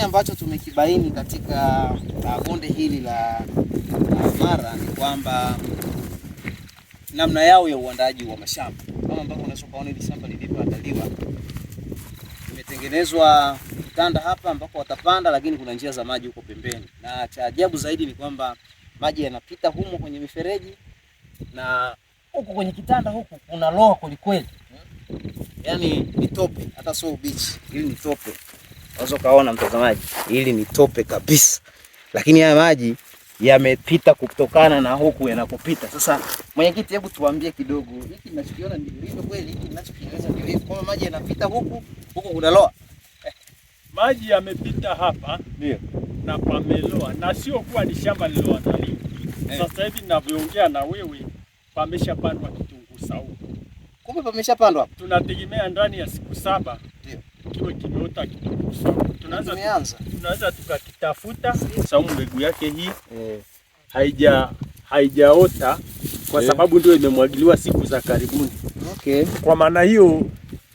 Kingine ambacho tumekibaini katika uh, bonde hili la Mara ni kwamba namna yao ya uandaji wa mashamba, kama ambavyo unaweza kuona hili shamba lilivyoandaliwa, imetengenezwa vitanda hapa ambako watapanda, lakini kuna njia za maji huko pembeni, na cha ajabu zaidi ni kwamba maji yanapita humo kwenye mifereji na huku kwenye kitanda huku kuna loa kwelikweli, yaani ni tope, hata sio ubichi, hili ni tope. Unaweza kaona mtazamaji, hili ni tope kabisa, lakini haya maji yamepita kutokana na huku yanakopita. Sasa mwenyekiti, hebu tuambie kidogo, hiki ninachokiona ndio hivyo kweli? Hiki ninachokieleza ndio hivyo, kwa maji yanapita huku huku, kunaloa eh. Maji yamepita hapa ndio na pameloa, na sio kuwa ni shamba liloandaliwa eh. Sasa hivi ninavyoongea na wewe, pameshapandwa kitunguu saumu. Kumbe pameshapandwa, tunategemea ndani ya siku saba kiwe kimeota Tunaanza tunaanza tukakitafuta sababu mbegu yake hii eh, haija haijaota kwa yeah, sababu ndio imemwagiliwa siku za karibuni. Okay. Kwa maana hiyo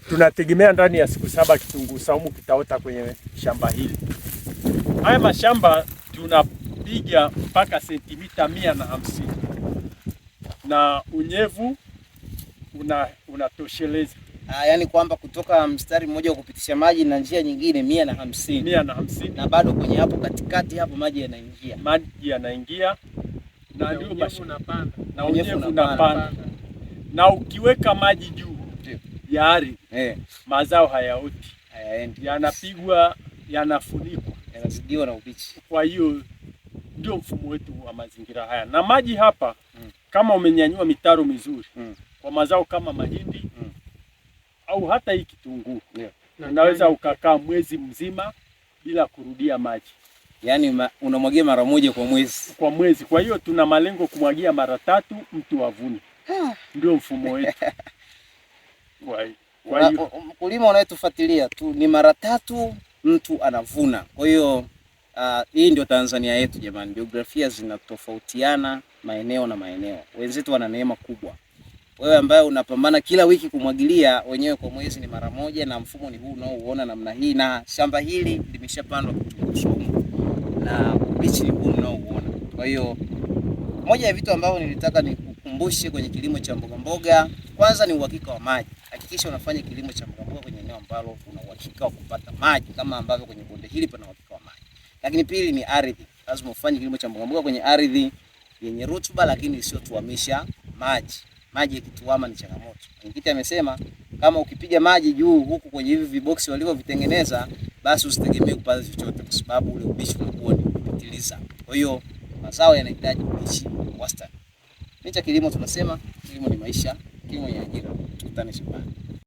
tunategemea ndani ya siku saba kitunguu saumu kitaota kwenye shamba hili. Haya mashamba tunapiga mpaka sentimita mia na hamsini na unyevu unatosheleza Ah, yani kwamba kutoka mstari mmoja wa kupitisha maji na njia nyingine mia na hamsini mia na hamsini na bado kwenye hapo katikati hapo maji yanaingia maji yanaingia na basi unapanda na unyevu unapanda na ukiweka maji juu ya ardhi eh, mazao hayaoti hayaendi, yanapigwa yanafunikwa yanasigiwa na ubichi. Kwa hiyo ndio mfumo wetu wa mazingira haya na maji hapa mm. Kama umenyanyua mitaro mizuri mm. kwa mazao kama mahindi mm au hata hii kitunguu yeah. Unaweza ukakaa mwezi mzima bila kurudia maji, yani ma, unamwagia mara moja kwa mwezi kwa mwezi. Kwa hiyo tuna malengo kumwagia mara tatu mtu avune, ah. ndio mfumo wetu kwa hiyo mkulima unayetufuatilia tu ni mara tatu mtu anavuna. Kwa hiyo uh, hii ndio Tanzania yetu jamani, jiografia zinatofautiana maeneo na maeneo. Wenzetu wana neema kubwa wewe ambaye unapambana kila wiki kumwagilia, wenyewe kwa mwezi ni mara moja, na mfumo ni huu unaouona namna hii, na shamba hili limeshapandwa kitunguu saumu na ubichi ni huu unaouona. Kwa hiyo moja ya vitu ambavyo nilitaka nikukumbushe kwenye kilimo cha mboga mboga, kwanza ni uhakika wa maji. Hakikisha unafanya kilimo cha mboga mboga kwenye eneo ambalo una uhakika wa kupata maji kama ambavyo kwenye bonde hili pana uhakika wa maji. Lakini pili ni ardhi, lazima ufanye kilimo cha mboga mboga kwenye ardhi yenye rutuba, lakini isiyotuamisha maji maji yakituama ni changamoto. Mwenyekiti amesema kama ukipiga maji juu huku kwenye hivi viboksi walivyovitengeneza, basi usitegemee kupata chochote, kwa sababu ule ubishi unakuwa ni kupitiliza. Kwa hiyo mazao yanahitaji ubishi wastani. Ni cha kilimo, tunasema kilimo ni maisha, kilimo ni ajira. Tukutane shambani.